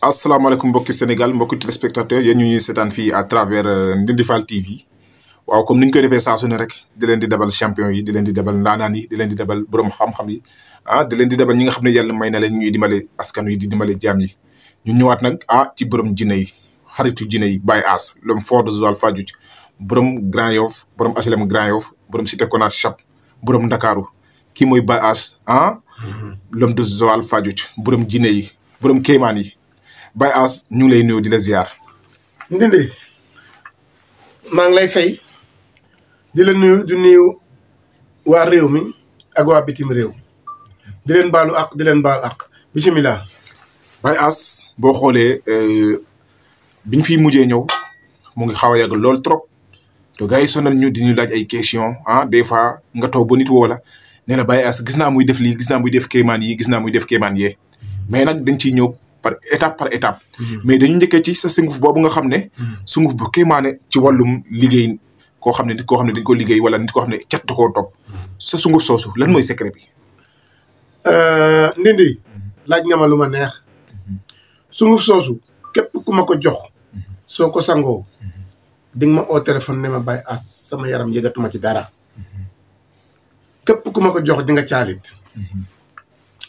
assalamu asalaamaaleykum mbokki Sénégal mbokki téléspectateurs yéen ñu ñuy sétane fi à travers ndindifal TV waaw comme niñ koy défé sa su rek di leen di débal champion yi di leen di débal ndaanaan yi di leen di débal borom xam-xam yi ah di leen di débal ñi nga xamné yàlla may na leen ñuy dimbale askan yi di dimbale jaam yi ñu ñëwaat nak ah ci borom jinne yi xaritu jinne yi bay as lom fort de Joal Fadiouth borom Grand Yoff borom HLM Grand Yoff borom Cité Kona Chap borom Ndakaaru ki moy bay as ah lom de Joal Fadiouth borom jinne yi borom kéemaan yi Baye Ass ñu ngi lay nuyu di la ziar. Ndindi maa ngi lay fay di la nuyu di nuyu waa réew mi ak waa bitim réew di leen baalu ak di leen baal ak bisimilah. Baye Ass boo xoolee euh, biñ fiy mujjee ñëw mu ngi xaw a yàgg lool trop te gars yi ñu di ñu laaj ay questions ah des fois nga toog ba nit woo la nee la Baye naa muy def li gis naa muy def kemaan yi gis naa muy def kéemaan yee mais nag dañ ciy ñëw. par étape par étape mhm. mais dañu ñëkke ci sa sunguf boobu nga xam ne mhm. sunguf bu kéemaane ci wàllum liggéey koo xam ne nit koo xam ne dañ ko liggéey wala nit koo xam ne cat da koo topp mhm. sa sunguf soosu lan mooy secret bi euh, nindi laaj nga ma lu ma neex sunguf soosu képp ku ma ko jox soo ko sangoo di ma oo téléphone ne ma bàyyi as sama yaram yëgatuma ci dara képp ku ma ko jox di nga caalit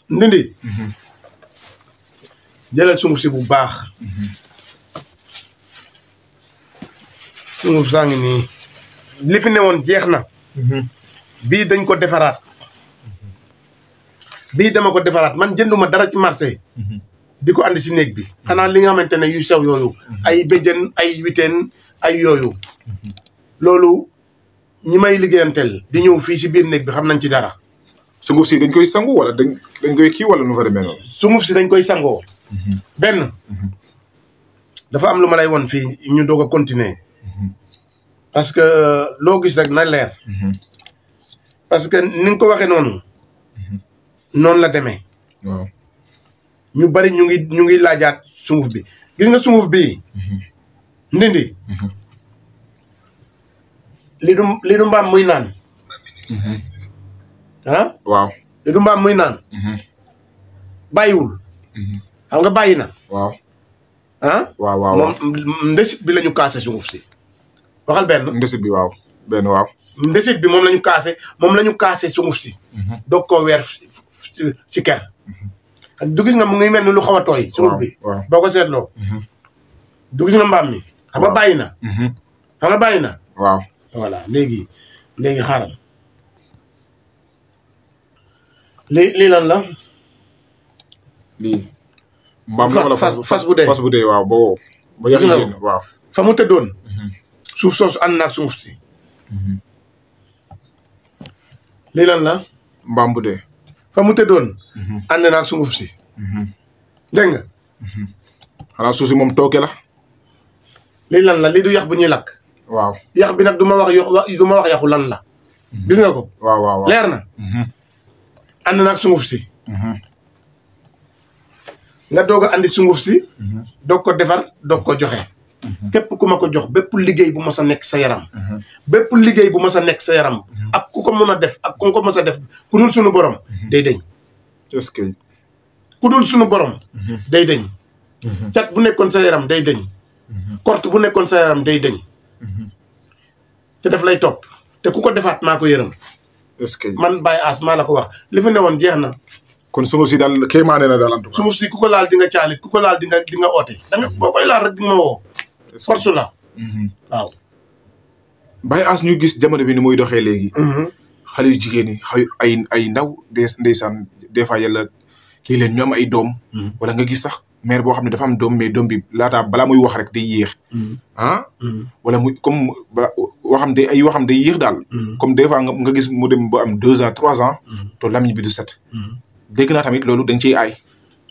nindi jëlal sunguf si bu baax sunguf saa ngi nii li fi newoon jeex na mhm. bii dañ ko defaraat bii dama ko defaraat man jënduma dara ci marché mhm. di ko andi si néeg bi xanaa li nga xamante ne yu sew yooyu mhm. ay béjjën ay witeen ay yooyu loolu ñi may liggéeyanteel di ñëw fii si biir néeg bi xam nañ ci dara sunguf si dañ koy sangu wala dañ dañ koy kii wala nu fa demee noonu. sunguf si dañ koy sangoo. Mhm. benn. Mhm. dafa am lu ma lay woon fii ñu doog a continuer. Mhm. parce que euh, loo gis rek na leer. parce que ni nga ko waxee noonu. noonu la demee. ñu bari ñu ngi ñu ngi laajaat sunguf bi gis nga sunguf bi ndindi. li du li mbaam muy naan. Yedou mbam mwenan Bayoul An ge bayina Mdesit bi la nyukase Soun oufti Mdesit bi la nyukase Soun oufti Dok kowe Siker Dukis nan mwenye men nou lou kawa toye Soun oufti Dukis nan mbam mi An ge bayina An ge bayina Lègi kharan lii lan la. lii. mbaam la wala fas fas bu dee bu dee waaw fa mu tëddoon. Mhm. suuf soosu ànd suuf si. Mhm. lii lan la. mbaam bu fa mu tëddoon. Mhm. ànd naag suuf si. dégg xanaa suuf si moom tooke la. lii lan la lii du yax bu ñuy lakk. waaw yax bi nag du ma wax yaxu lan la. gis ko. waaw ànd naag sunguf si nga doog a andi sunguf si doo ko defar doog ko joxe képp ku ma ko jox bépp liggéey bu mas a nekk sa yaram bépp liggéey bu mas a nekk sa yaram ak ku ko mën a def ak ku ko mas a def ku dul sunu borom day deñ sunu borom day deñ mhm. cat bu nekkoon sa yaram day deñ mhm. korte bu nekkoon sa yaram day deñ mhm. te daf lay topp te ku ko defaat maa ko yërëm est-ce man Baye As maa la ko wax li fi newoon jeex na. kon suñu si daal kéemaane na daal en tout cas. suñu si ku ko laal di nga ku ko laal di nga di nga oote. da koy laal rek di nga ma woo. force la. Mhm. waaw. Baye As ñu gis jamono bi ni muy doxee léegi. Mhm. xale yu jigéen ñi ay ay ndaw des ndeysaan des fois yàlla kii leen ñoom ay doom. Mhm. wala nga gis sax mère boo xam ne dafa am doom mais doom bi laataa bala muy wax rek day yéex. ah. wala mu comme waxam day ay waxam day yéex daal. Mm-hmm. comme des fois nga gis mu dem ba am deux ans trois ans. Mm-hmm. te lamiñ bi du set. Mm-hmm. dégg naa tamit loolu da nga ciy aay.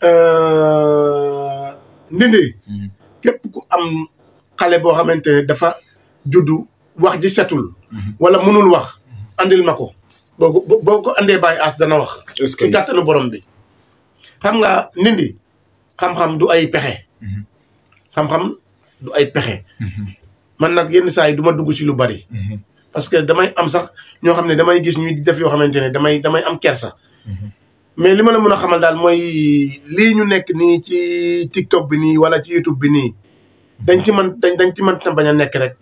Euh, Ndindi. képp ku am xale boo xamante ne dafa juddu wax ji setul. wala mënul wax andil ma ko. boo ko boo ko andee dana wax. est-ce que borom bi. xam nga Ndindi. xam-xam du ay pexe. xam-xam du ay pexe. man nag yenn saa yi duma dugg ci lu bari. Mhm. parce que damay am sax ñoo xam ne damay gis ñuy def yoo xamante ne damay damay am kersa. Mhm. mais li ma na mën a xamal daal mooy lii ñu nekk nii ci TikTok bi nii wala ci YouTube bi nii. dañ ci man dañ dañ ci mën a bañ a nekk rek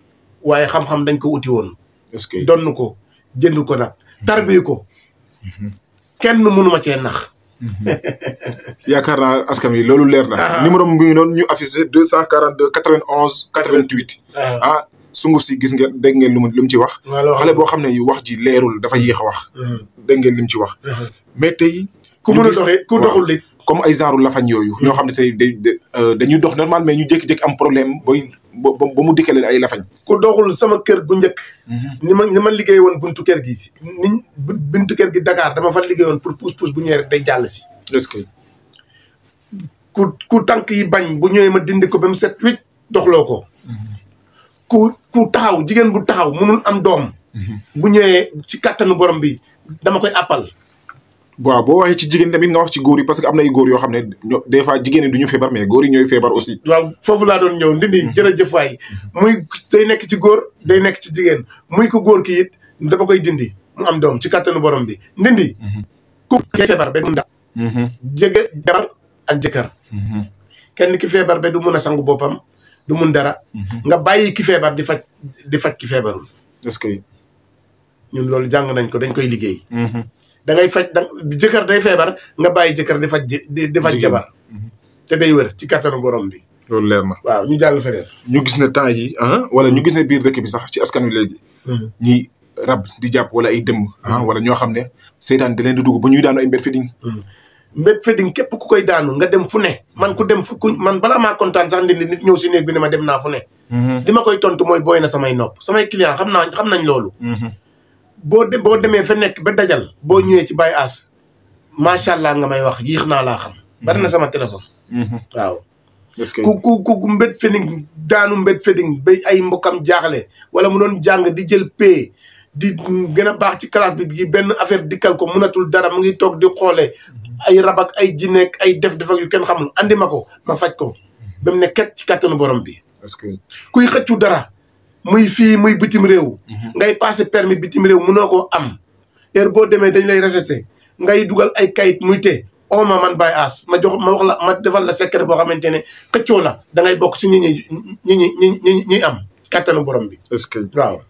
waaye xam-xam dañ ko uti woon. est-ce que donn ko jënd ko nag. tar tarbi ko. Mhm. kenn mënu ma cee nax. Mm-hmm. yaakaar naa askan wi loolu leer na. Ah. numéro bi ngi noonu ñu affiché deux cent quarante deux quatre vingt onze ah. quatre vingt huit. Ah. ah sunguf si gis ngeen dégg ngeen lu mu lu mu ci wax. xale boo xam ne wax ji leerul dafa yéex a wax. dégg ngeen li mu ci wax. mais tey. ku mën ku doxul nit. comme ay genre lafañ yooyu. ñoo xam ne tey euh, dañuy dox normal mais ñu jékki-jékki am problème booy ba ba mu dikkee leen ay lafañ. ku doxul sama kër gu njëkk. Mhm. ni ma ma liggéey woon buntu kër gi. niñ buntu kër gi Dakar dama fa liggéey woon pour pousse pousse bu ñëwee rek day jàll si. est-ce que. ku ku tànk yi bañ bu ñëwee ma dindi ko ba mu set wicc doxloo ko. Mhm. ku ku taxaw jigéen bu taxaw mënul am doom. Mhm. bu ñëwee ci kattanu borom bi dama koy appal. waaw bo waxe ci jigen tamit nga wax ci góor yi parce que amna ay góor yo xamne des fois jigen ni duñu febar mais góor yi ñoy febar aussi. waaw fofu la doon ndini jere hmm. jeuf way muy day nek ci góor day nek ci jigen muy ko góor ki it dafa koy dindi mu am dom ci katanu borom bi ndindi. Hmm. ku ke febar be ndax. Hmm. jege jabar ak jekar kenn ki febar be du mëna sangu du mën dara. nga bayyi ki febar di faj di faj ki febarul est-ce que. ñun lolu jang nañ ko dañ koy liggéey da ngay faj jëkkër day febar, nga bàyyi jëkkër di faj di faj jabar mhm. te day wër ci katanu borom bi loolu leer na waaw ñu jàll feneen ñu gis ne temps yi ah wala ñu gis ne biir dëkk bi sax ci askan wi léegi mhm. rab di jàpp wala ay dëmm ah mhm. wala ñoo xam ne seytaan di leen di dugg ba ñuy daanu ay mbet fedding mbet fedding képp ku koy daanu nga dem fu ne man ku dem fu ku man bala maa kontaan sax ndin nit ñëw si néeg bi ne ma dem naa fu ne li ma koy tontu mooy booy na samay nopp samay client xam naa xam nañ loolu boo de boo demee fa nekk ba dajal boo ñëwee ci Baye As macha allah nga may wax yéex naa laa xam. bari na mm-hmm. sama téléphone. Mm-hmm. waaw. est que ku ku ku mbét fening daanu mbét fening ba ay mbokkam jaaxle wala mu doon jàng di jël pay di gën a baax ci classe bi benn affaire dikkal ko mënatul dara mu ngi toog di xoole ay rabak ay jineek ay def defak yu kenn xamul andi ma ko ma faj ko ba mu ne ci kattanu borom bi. est que kuy xëccu dara. muy fii muy bitim réew. Mhm. ngay passé permis bitim réew mënoo koo am. heure boo demee dañ lay rejeté ngay dugal ay kayit muy te oo oh, ma man Baye Ass ma jox ma wax la defal la secret boo xamante ne këccoo la da bokk si ñi ñi ñi ñi ñi ñi am kattanu borom bi. est que waaw.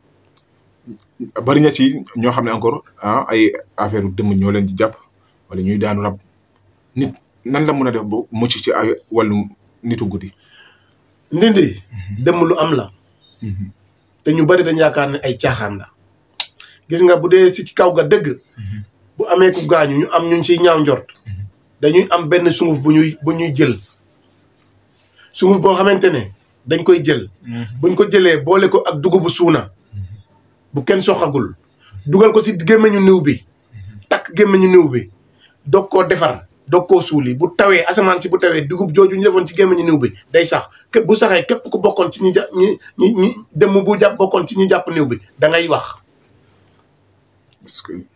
bari na ci ñoo xam ne encore ah ay affaire dëmm ñoo leen ci jàpp wala ñuy daanu rab nit nan la mën a def ba mucc ci ay wàllu nitu guddi. ndindi mhm. dëmm lu am la. Mhm. te ñu bari dañ yaakaar ne ay caaxaan la gis nga bu dee si ci kaw ga dëgg bu amee ku gaañu ñu am ñun siy ñaaw njort dañuy am benn sunguf bu ñuy bu ñuy jël sunguf boo xamante ne dañ koy jël buñ ko jëlee boole ko ak dugubu suuna bu kenn soxagul dugal ko ci gémmiñu niw bi takk gémmiñu niw bi dog koo defar doog koo suuli bu tawee asamaan si bu tawee dugub jooju ñu defoon ci gémmiñu néew bi day sax képp bu saxee képp ku bokkoon ci ñi ja ñi ñi ñi dem bu jàpp bokkoon ci ñi jàpp néew bi da ngay wax.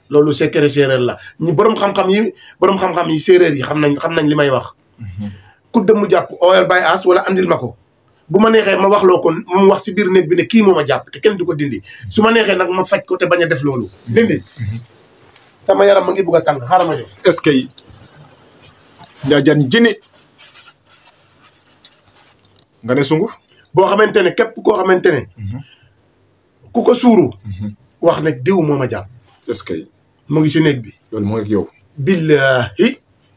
loolu secret séeréer la ñu borom xam-xam yi borom xam yi séeréer yi xam nañ xam nañ li may wax. Mhm. ku dem mu jàpp ooyal bàyyi as wala andil ma ko. bu ma neexee ma wax loo ko moom wax si biir néeg bi ne kii moom a jàpp te kenn du ko dindi su ma neexee nag ma faj ko te bañ a def loolu. Mhm. dindi mhm. sama yaram ma ngi bugg a tàng xaaral ma ce que jajan jini nga ne sunguf bo xamantene kep ko xamantene ku ko suru wax nek diw moma ma yo, est ce ngi ci nek bi lol mo ngi yow billahi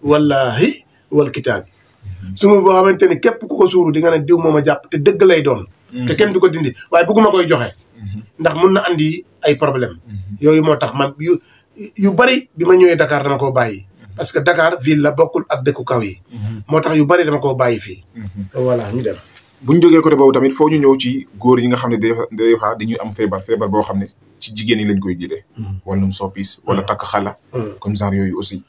wallahi wal kitab sunguf bo xamantene kep ku ko suru di nga ne diw moma ma te deug lay don te ken diko dindi waye buguma koy joxe ndax mën na andi ay problème mhm. yoyu motax ma yu yu bari bima ma Dakar dama ko bayyi parce que Dakar ville la bokkul ak dëkku kaw yi. Mhm. moo tax yu bari dama koo bàyyi fii. Mhm. voilà ñu dem. bu ñu jógee côté boobu tamit foo ñu ñëw ci góor yi nga xam ne des fois dañuy am feebar feebar boo xam ne ci jigéen yi lañ koy jëlee. Mhm. wàllum soppis wala takk xala. comme genre yooyu aussi.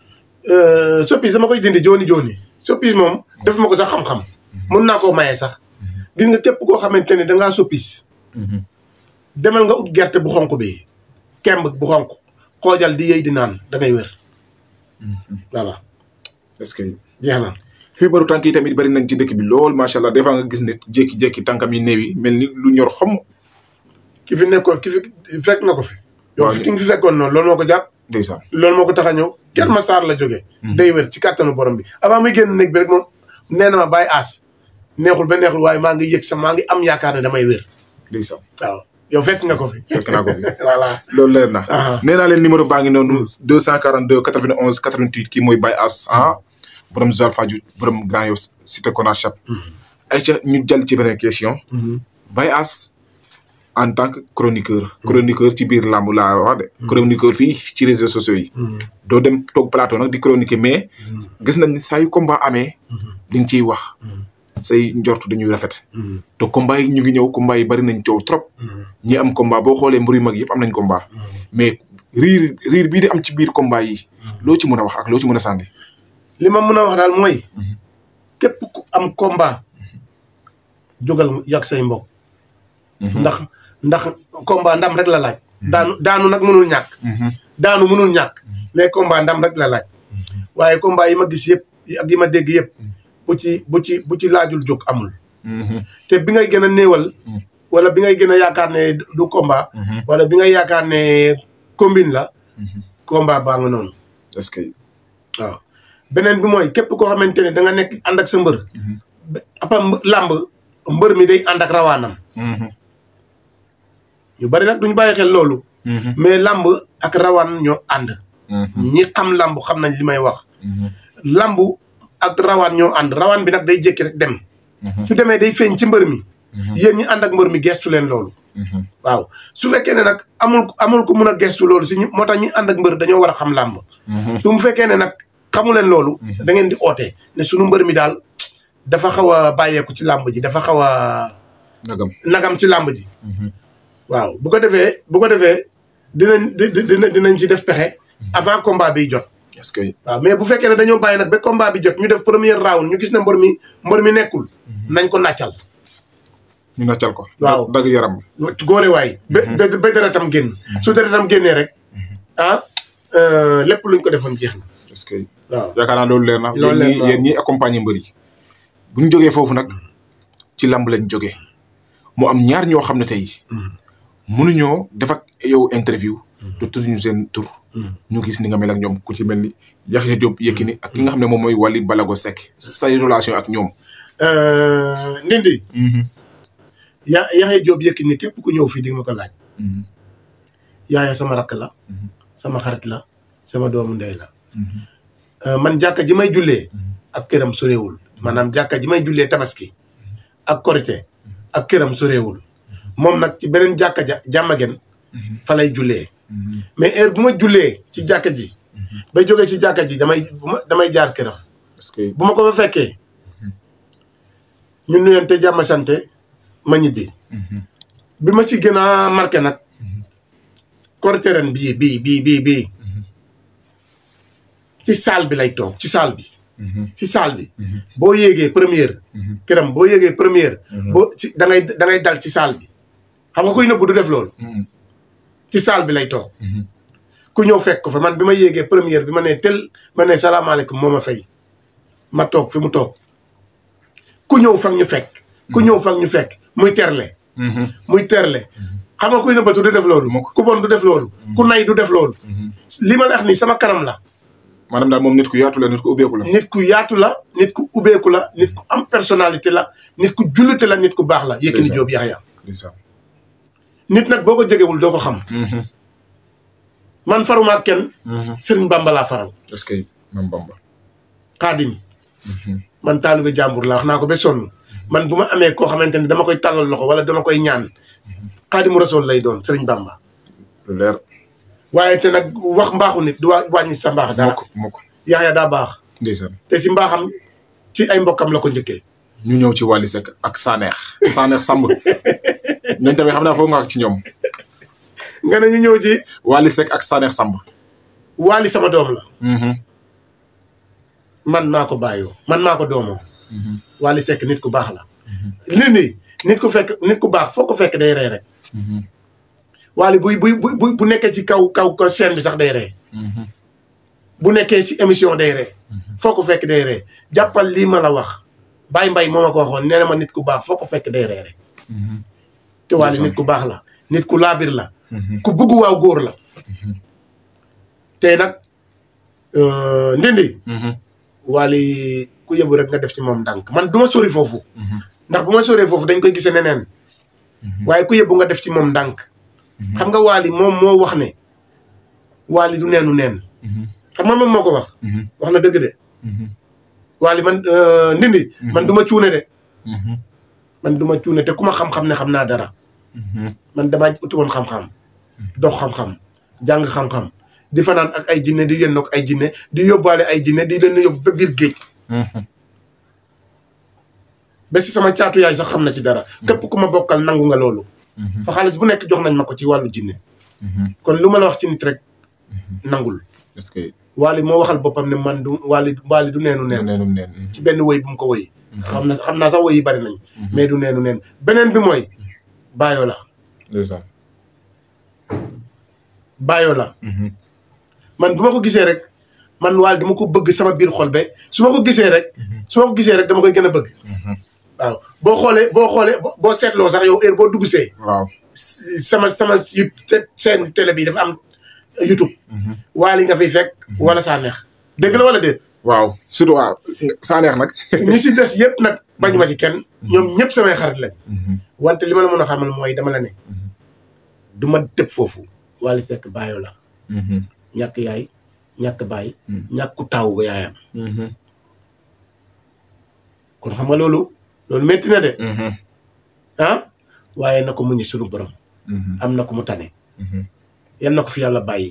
Euh, soppis dama koy dindi jooni jooni soppis moom def ma ko sax xam-xam. mën naa koo maye sax. gis nga képp koo xamante ne da ngaa soppis. demal nga ut gerte bu xonq bi kemb bu xonk xoojal di yey di naan da ngay wér. voilà est-ce que jeex na. feebaru tànk yi tamit bari nañ ci dëkk bi lool macha allah des fois nga gis ne jékki-jékki tànkam yi néew yi mel ni lu ñor xom. ki fi nekkoon ki fekk na ko fi. waaw yow ki fi fekkoon noonu loolu moo ko jàpp. ndeysaan loolu moo ko tax a ñëw. ma Massar la jógee. Hmm. day wér ci kattanu borom bi avant muy génn néeg bi rek moom nee na ma bàyyi aas neexul ba neexul waaye maa ngi yëg sax maa ngi am yaakaar ne damay wér. ndeysaan waaw. yo fekk nga ko fi. fekk voilà. loolu leer na. nee naa leen numéro baa ngi noonu 242 91 88 kii mooy Baye As ah borom Zal Fadiouth borom Grand Yoff cité Konachap. Mhm. ayca ñu jël ci beneen question. Mhm. bay As en tant que chroniqueur. chroniqueur ci biir làmb laa wax de. Mhm. chroniqueur fii ci réseaux sociaux yi. doo dem toog plateau nag di chroniquer mais. gis nañ ni saa yu combat amee. di nga ciy wax. say njort ñuy rafet. Mm-hmm. to combat yi ñu ngi ñëw combat yi bari nañ coow trop. Mm-hmm. ñi am combat boo xoolee mbir yu mag yëpp am nañ combat. Mm-hmm. mais riir riir bii di am ci biir combat yi. loo ci mën a wax ak loo ci mën a sànni. li ma mën a wax daal mooy. képp ku am combat. jogal yàgg say mbokk. ndax ndax combat ndam rek la laaj. daanu daanu nag mënul ñàkk. daanu mënul ñàkk. mais combat ndam rek la laaj. waaye combat yi ma gis yëpp ak yi ma dégg yëpp. bu ci bu ci bu ci laajul jóg amul. Mm-hmm. te bi ngay gën a néewal. Mm-hmm. wala bi ngay gën a yaakaar ne du combat. Mm-hmm. wala bi ngay yaakaar ne combine la. combat baa nga noonu. est que waaw beneen bi mooy képp koo xamante ne da nekk ànd ak sa mbër. làmb mbër mi day ànd ak rawaanam. ñu bari nag duñu bàyyi xel loolu. mais làmb ak rawaan ñoo ànd. ñi xam làmb xam nañ li may wax. làmb ak rawaan ñoo ànd rawaan bi nag day jékki rek dem. Mhm. su demee day feeñ ci mbër mi. Mhm. yéen ñi ànd ak mbër mi gestu leen loolu. Mhm. waaw su fekkee ne nag amul amul ko mun a gestu loolu si moo tax ñi ànd ak mbër dañoo war a xam làmb. su mu fekkee ne nag xamu leen loolu. da ngeen di oote ne sunu mbër mi daal dafa xaw a bàyyeeku ci làmb ji dafa xaw a. nagam nagam ci làmb ji. waaw bu ko defee bu ko defee dinañ dinañ dinañ ci def pexe. avant combat bii jot. que waaw mais bu fekkee ne dañoo bàyyi nag ba combat bi jot ñu def premier round ñu gis na mbër mi mbër mi nekkul. Mhm. nañ ko nàccal. ñu nàccal ko. waaw dagg yaram bi. góore waay. Mhm. ba ba deretam génn. Mhm. su deretam génnee rek ah euh, lépp luñ ko defoon jeex na. est que waaw loolu leer na. loolu leer na yéen ñii accompagner mbër yi. bu ñu jógee foofu nag ci lamb lañ joge mu am ñaar ñoo xam ne tey. mënuñoo def ak yow interview. te tudduñu seen tur. Hmm. ñu gis ni nga mel ak ñoom ku ci mel ni Yaxya Diop Yékini ak ki nga xam ne moom mooy bala Balago sek say relation ak ñoom. Euh, Ndindi. Hmm. ya Yaxya Diop Yékini képp ku ñëw fii di ma ko laaj. Hmm. yaaya sama rakk la. sama xarit la sama doom ndey la. Euh, man jàkka ji may jullee. ak këram sorewul maanaam jàkka ji may jullee tabaski. ak korite ak këram sorewul moom nag ci beneen jàkka ja jàmmagen fa lay jullee. Mm-hmm. mais heure bu ma jullee ci jàkka ji. Mm-hmm. bay jógee ci jàkka ji damay damay jaar këram. parce que bu ma ko fa fekkee. Mm-hmm. ñu nuyante jàmm sant ma ñibbi. bi ma ci gën a marqué nag. Korité ren bii bii bii bii bii. ci saal bi lay toog ci saal bi. ci saal bi. boo yéegee première. këram boo yéegee première. boo ci da ngay da dal ci saal bi. xam nga koy nëbbu du def lool ci salle bi lay toog. Mhm. ku ñëw fekk fa man bi ma yéegee première bi ma ne tel ma ne salaamaaleykum moo ma fay ma toog fi mu toog ku ñëw fag ñu fekk. ku mhm. ñëw fan ñu fekk muy terle. Mhm. muy terle. xam nga kuy nëbbatu du def loolu. ku bon du def loolu. ku nay du def loolu. li ma la wax nii sama kanam la. maanaam daal moom nit ku yaatu la nit ku ubbeeku la. nit ku yaatu la nit ku ubbeeku la nit ku am personnalité la nit ku jullite la nit ku baax la. Yékini Jóob Yaxya nit nag boo ko jegewul doo ko xam. Mm-hmm. man faruma ak kenn. Mm-hmm. Serigne Bamba faral. est que man Bamba. xaadim. Mm-hmm. man taalibe jàmbur laa naa ko ba sonn. man bu ma amee koo xamante ne dama koy tàllal loxo wala dama koy ñaan. xaadimu resol lay doon Serigne Bamba. waaye te nag wax mbaaxu nit du wàññi sa mbaax. dara Yaxya daa baax. ndeysaan te ci mbaaxam ci ay mbokkam la ko njëkkee. ñu ñëw ci Wally Seck ak Saneex Saneex Samb. ñoom tamit xam naa foog nga wax ci ñoom. nga ne ñu ñëw ci. Wally Seck ak saneex Samb. Wally sama doom la. Mhm. man maa ko bàyyoo man maa ko doomoo. Mhm. Wally Seck nit ku baax la. Mhm. nit nii nit ku fekk nit ku baax foo ko fekk day rey rek. Wally buy buy buy bu nekkee ci kaw kaw kaw chaîne bi sax day rey. bu nekkee ci émission day ree foo ko fekk day ree jàppal lii ma la wax Baye mbay moo ma ko waxoon nee na ma nit ku baax foo ko fekk day ree rek te Wally nit ku baax la nit ku laabir la mhm. ku bugg waaw góor la mhm. tey nag euh, ndindi mhm. Wally ku yebu rek nga def ci moom ndànk man du ma sori foofu ndax bu ma soree foofu dañ koy gisee neneen waaye ku yëbu nga def ci moom ndànk xam nga Wally moom moo wax ne Wally du neenu neen xam nga moom moo ko wax wax na dëgg de Wally man euh, ndindi man du cuune de man du ma cuune te ku ma xam-xam ne xam naa dara. Mhm. man damaa uti woon xam-xam. dox xam-xam jàng xam-xam di fanaan ak ay jinne di yenn ak ay jinne di yóbbaale ay jinne di leen yóbbu ba biir géej. Mhm. ba si sama caatu yaay sax xam na ci dara. Mhm. képp ku ma bokkal nangu nga loolu. fa xaalis bu nekk jox nañ ma ko ci wàllu jinne kon lu ma la wax ci nit rek nangul. Wally moo waxal boppam ne man du Wally Wally du neenu neen mm. ci benn woy bu mu ko woy mm-hmm. xam na xam naa sax woy bari nañ mm-hmm. mais du neenu neen beneen bi mooy bàyyoo la bàyyoo la mm-hmm. man bu ma ko gisee rek man Wally ma ko bëgg sama biir xol be su ma ko gisee rek su ma ko gisee rek dama koy gën a bëgg waaw boo xoolee boo xoolee boo seetloo sax yow boo dugg see waaw sama sama yu seen télé bi dafa am youtube mhm. Wali nga fay fek mhm. wala sa neex Deug la wala de? waaw surtout waaw sa neex nak. Ni ci dess yëpp nak mhm. bañu ma ci kenn ñom ñëpp sama xarit lañ wante lima la mëna xamal moy dama la ne Duma ma fofu. Wali waali bayo la Ñak yaay bay, ñak ku taw bu yaayam kon xam nga lolu, lolu metti na de Hmm. waaye na ko mu borom am na ko mu tane yal na ko fi yàlla bàyyi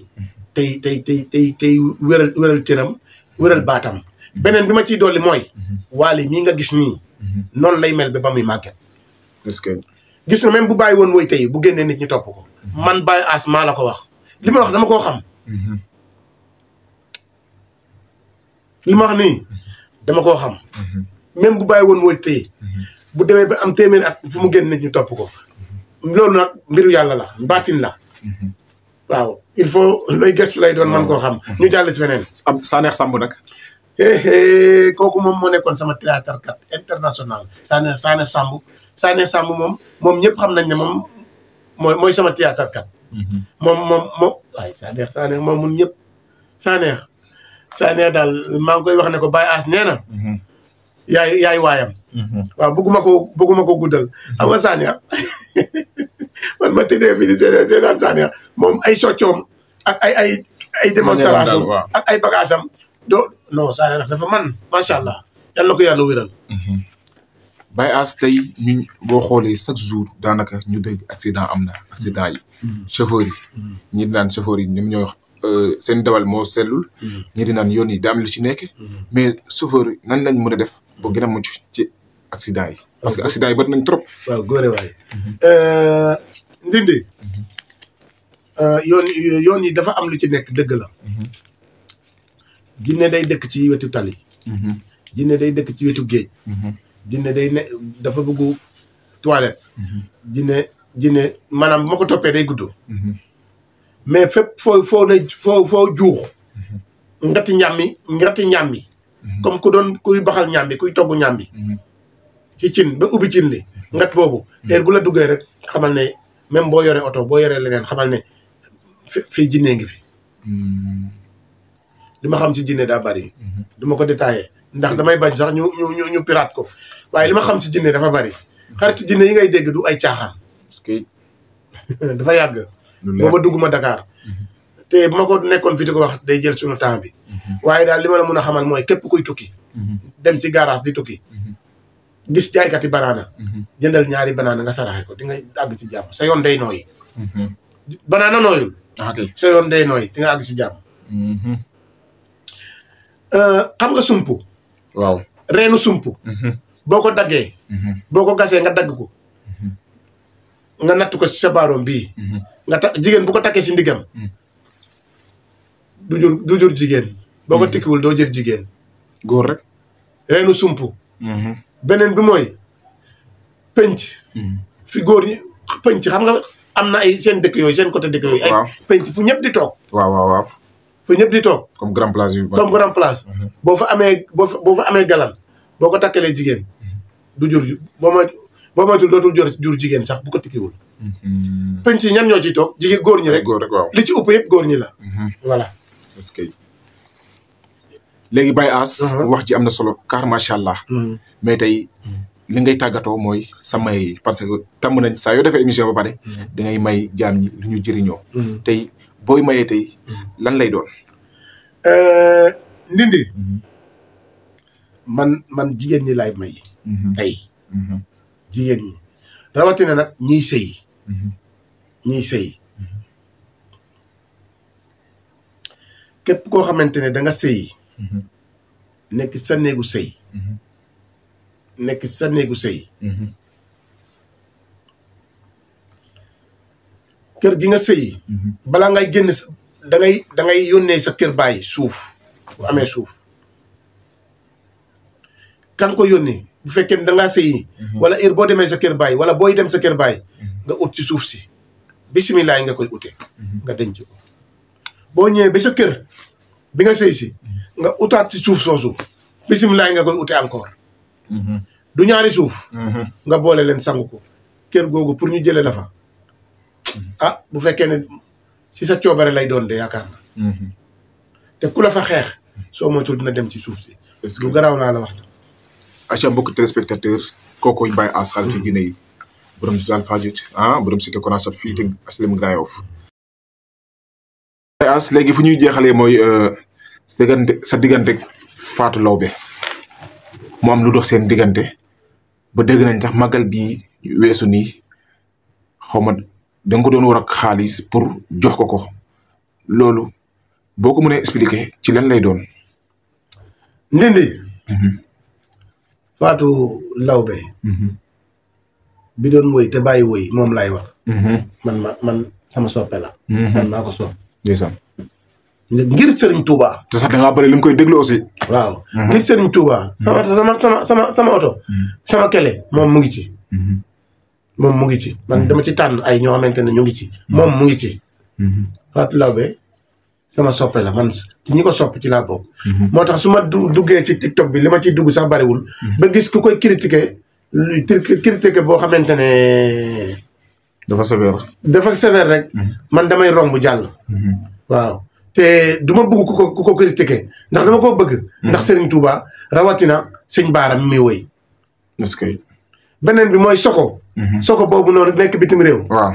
tey tey tey tey tey wéral wéral cëram wéral baatam beneen bi ma ciy li mooy waali mii nga gis nii noonu lay mel ba ba muy màgget parce que gis na même bu bàyyi woon woy tey bu génnee nit ñi topp ko man bàyyi as la ko wax li ma wax dama koo xam li ma wax nii dama koo xam même bu bàyyi woon tey bu demee ba am téeméeri fu mu génn nit ñi topp ko loolu nag mbiru yàlla la baatin la waaw il faut looy gëstu lay doon man ko xam. ñu jàll ci beneen. Sanex sambu nag. Eh, eh, kooku moom moo nekkoon sama théâtre kat international Sanex Sanex Samb Sanex Samb moom moom ñëpp xam nañ ne moom mooy mooy sama théâtre kat. Mhm. moom moom moom moom mun ñëpp Sanex daal maa wax ne ko Baye As nee na. Mhm. yaay yaay waayam. Mhm. waaw bëgguma ko bëgguma ko guddal. xam nga Saniya moom ay soccoom ay ay ay démonstration ak ay bagage am doo nag dafa man macha allah yal na ko yàlla wéral. Mhm. Ass tey ñu boo xoolee chaque jour daanaka ñu dégg accident am na accident yi. Mhm. chauffeur yi. ñi naan chauffeur yi ñoom ñooy euh, seen dawal moo sellul. ñi di naan yoon yi daam lu ci nekk. mais chauffeur yi nan lañ mën a def. ba gën a mucc ci accident yi. Ah, parce que accident yi bari nañ trop. waaw góore waay. Mhm. Euh, ndindi. Euh, yoon yoon yi dafa am lu ci nekk dëgg la. jinne mhm. day dëkk ci wetu tali. jinne mhm. day dëkk ci wetu géej. jinne day ne dafa bëggu toilette. jinne jinne maanaam bu ko toppee day gudd. mais fépp foo foo day foo foo juux. ngati ñàmmi ngati Mhm. comme ku doon kuy baxal ñambi kuy togg ñambi mhm. ci cin ba ubbi cin li mhm. ngat boobu heure bu la duggee rek xamal ne même boo yoree oto boo yoree leneen xamal ne fii jinnee ngi fi li ma xam si jinne daa bari du ma ko détaillé ndax damay bañ sax ñu ñu ñu ñu pirate ko waaye li ma xam si jinne dafa bari xarit jinne yi ngay dégg du ay caaxaan dafa yàgg booba dugguma Dakar te bu ma ko nekkoon fii di ko wax day jël sunu temps bi Mhm. waaye daal li ma la mun a xamal mooy képp kuy tukki. Mhm. dem ci gaaraas di tukki. Mhm. gis jaaykati banaana. jëndal ñaari banaana nga saraxe ko di nga àgg ci jàmm sa yoon day nooyi. banaana nooyul. sa yoon day nooyi di nga àgg ci jàmm. Euh, xam nga sump waaw reenu sumpu. boo ko daggee. boo ko gasee nga dagg ko. nga natt ko ci sa baaroom bii. nga ta jigéen bu ko takkee ci ndigam. du jur jigéen. boo ko mhm. tikkiwul doo jël jigéen. góor rek. reenu sump. Mhm. beneen bi mooy penc. Mhm. fi góor ñi penc xam nga am na ay seen dëkk yooyu seen côté dëkk yooyu. ay penc fu ñëpp di toog. waaw waaw ñëpp di toog. comme grand place yu comme grand boo fa amee boo boo fa amee galan boo ko takkalee jigéen du jur boo ma boo moytul dootul jur jur jigéen sax bu ko tikkiwul. penc yi ñan ñoo ciy toog jigéen góor ñi rek. góor rek li ci ëpp yëpp góor ñi la. voilà. est léegi Baye As. Uh-huh. wax ji am na solo car macha allah. Hmm. mais tey li ngay tàggatoo mooy sa may parce que tàmm nañ saa yoo defee émission ba pare. Hmm. da ngay may jaam ñi lu ñu jëriñoo. Hmm. tey booy maye tey lan lay doon. Euh, ndindi. man man jigéen ñi laay may. tey. jigéen ñi rawatina nag ñiy sëy ñiy sëy képp koo xamante ne da nga Mm-hmm. nekk sa néegu sëy mm-hmm. nekk sa néegu sëy mm-hmm. kër gi nga sëy balaa ngay génn da ngay da ngay yónnee sa kër bàyyi suuf bu amee suuf kan ko yónnee bu fekkee ne danga ngaa sëyi wala heure boo demee sa kër bàyyi wala booy dem sa kër bàyyi nga ut ci suuf si bisimilah nga koy ute nga denc boo ñëwee ba sa kër bi nga sëy nga utaat ci suuf soosu bisimilaay nga koy ute encore mhm. du ñaari suuf mhm. nga boole leen sangu ko kër googu pour ñu jëlee la fa mhm. ah bu fekkee ne si sa coobare lay doon de yaakaar na te ku la fa xeex soo moytul dina dem ci suuf si lu garaaw laa la wax na aca mbokk téléspectateur kookooñ bàyyi as xaalitu Guinée yi borom si Alpha Jut ah borom si te konaasat fii te as léegi fu ñuy jeexalee mooy euh, sa diggante sa diggante Fatou Laobé mu am lu dox seen diggante ba dégg nañ sax màggal bi weesu nii xaw ma da ko doon war xaalis pour jox ko ko loolu boo ko mënee expliquer ci lan lay doon. Ndindi. Mhm. Fatou Laobé. Mhm. bi doon woy te bàyyi woy moom laay wax. Mhm. man ma man sama soppe man maa ko ndeysaan ngir sëriñ Touba. te sax li mu koy déglu aussi. waaw mhm. ngir Serigne Touba. Mhm. sama sama sama sama oto. Mhm. sama kele moom mu ngi ci. moom mu ngi ci man dama ci tànn ay ñoo xamante ne ñu ngi ci. moom mu ngi ci. Fatou Laobé sama soppe la man ci ñi ko sopp ci laa bokk. moo tax su ma duggee ci TikTok bi li ma ciy dugg sax bariwul. ba gis ku koy critiquer lu critiquer boo xamante ne. dafa sévère. dafa sévère rek. Hmm. man damay romb jàll. Hmm. waaw te du ma bëgg ku ko ku ko critiquer ndax dama ko bëgg. Hmm. ndax sëriñ Touba rawatina sëñ Baara mi muy woy. beneen bi mooy Soko. Soko boobu noonu nekk bitim réew. waaw.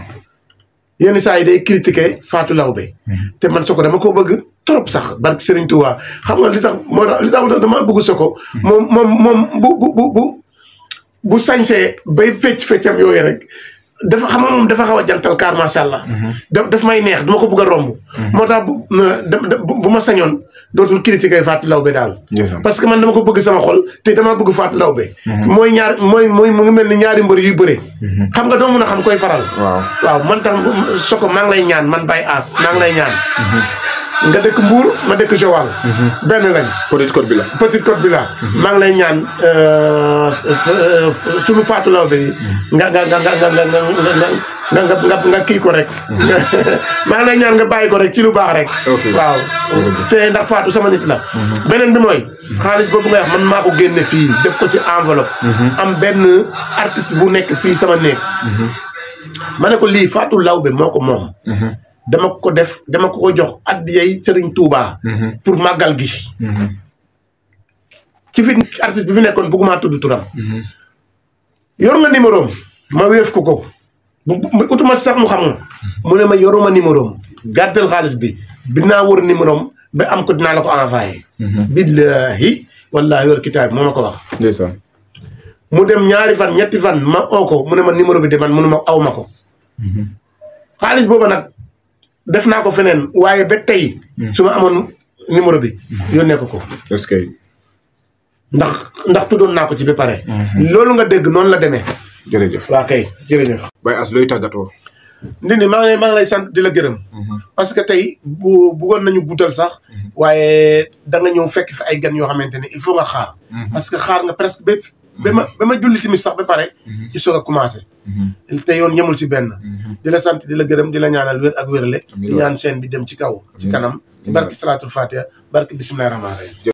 yenn saa yi day critiquer Fatou Laobé. te man Soko dama ko bëgg trop sax barke Serigne Touba xam nga li moo tax li tax dama bëgg Soko. moom moom moom bu bu bu bu bu sañsee bay fecc feccam yooyu rek. dafa xam moom dafa xaw a jantal kaar macha allah. Mhm. daf may neex duma ko bëgg a romb. Mhm. moo tax bu ma sañoon dootul kay Fatou Laobé daal. parce que man dama ko bëgg sama xol te dama bëgg Fatou Laobé. Mhm. mooy ñaar mooy mooy mu ngi mel ni ñaari mbër yuy bëre. xam nga doo na a xam koy faral. waaw waaw man tax soko maa lay ñaan man bay As maa lay ñaan. nga dëkk mbuur ma dëkk Joal. benn lañ. Petite Côte bi la. Petite Côte bi la. maa ngi lay ñaan sunu Fatou Laobé yi. nga nga nga nga nga nga nga kii ko rek. maa ngi lay ñaan nga bàyyi ko rek ci lu baax rek. waaw te ndax Fatou sama nit la. beneen bi mooy. xaalis boobu ngay wax man maa ko génne fii def ko ci enveloppe. am benn artiste bu nekk fii sama néeg. ma ne ko lii law Laobé moo ko moom. dama ko def dama ko ko jox addiyay Serigne Touba. Mhm. pour màggal gi. ci mhm. fi artiste bi fi nekkoon bëgguma tudd turam. Mhm. yor numéro ma weef ko ko. utuma sax mu xam nga mu ne ma yoruma numéro gàttal xaalis bi naa wër numéro ba am ko dinaa la ko envoyé. billahi wallahi wal kitaab moo ma ko wax. mu dem ñaari fan ñetti fan ma oo mu ne ma numéro bi de man mënu ma aw ma ko. xaalis booba nag. def naa ko feneen waaye ba tey. Hmm. su ma amoon numéro bi. Hmm. yónnee ko ko. est-ce que. ndax ndax tuddoon naa ko ci ba pare. Hmm. loolu nga dégg noonu la demee. jërëjëf waa kay jërëjëf. Baye Ass looy tàggatoo. nit ñi maa ngi lay maa ngi lay sant di la gërëm. parce que tey bu bëggoon nañu guddal sax. waaye da nga ñëw fekk fi ay gan yoo xamante ne il faut nga xaar. parce que xaar nga presque bépp ba ma ba ma julli timis sax ba pare. Mhm. ci soog a commencé. Mhm. te yoon ñamul si benn. Mhm. di la sant di la gërëm di la ñaanal wér ak wérle. di ñaan seen bi dem ci kaw. ci kanam barki salaatul fatiha barki bisimilah rahmaani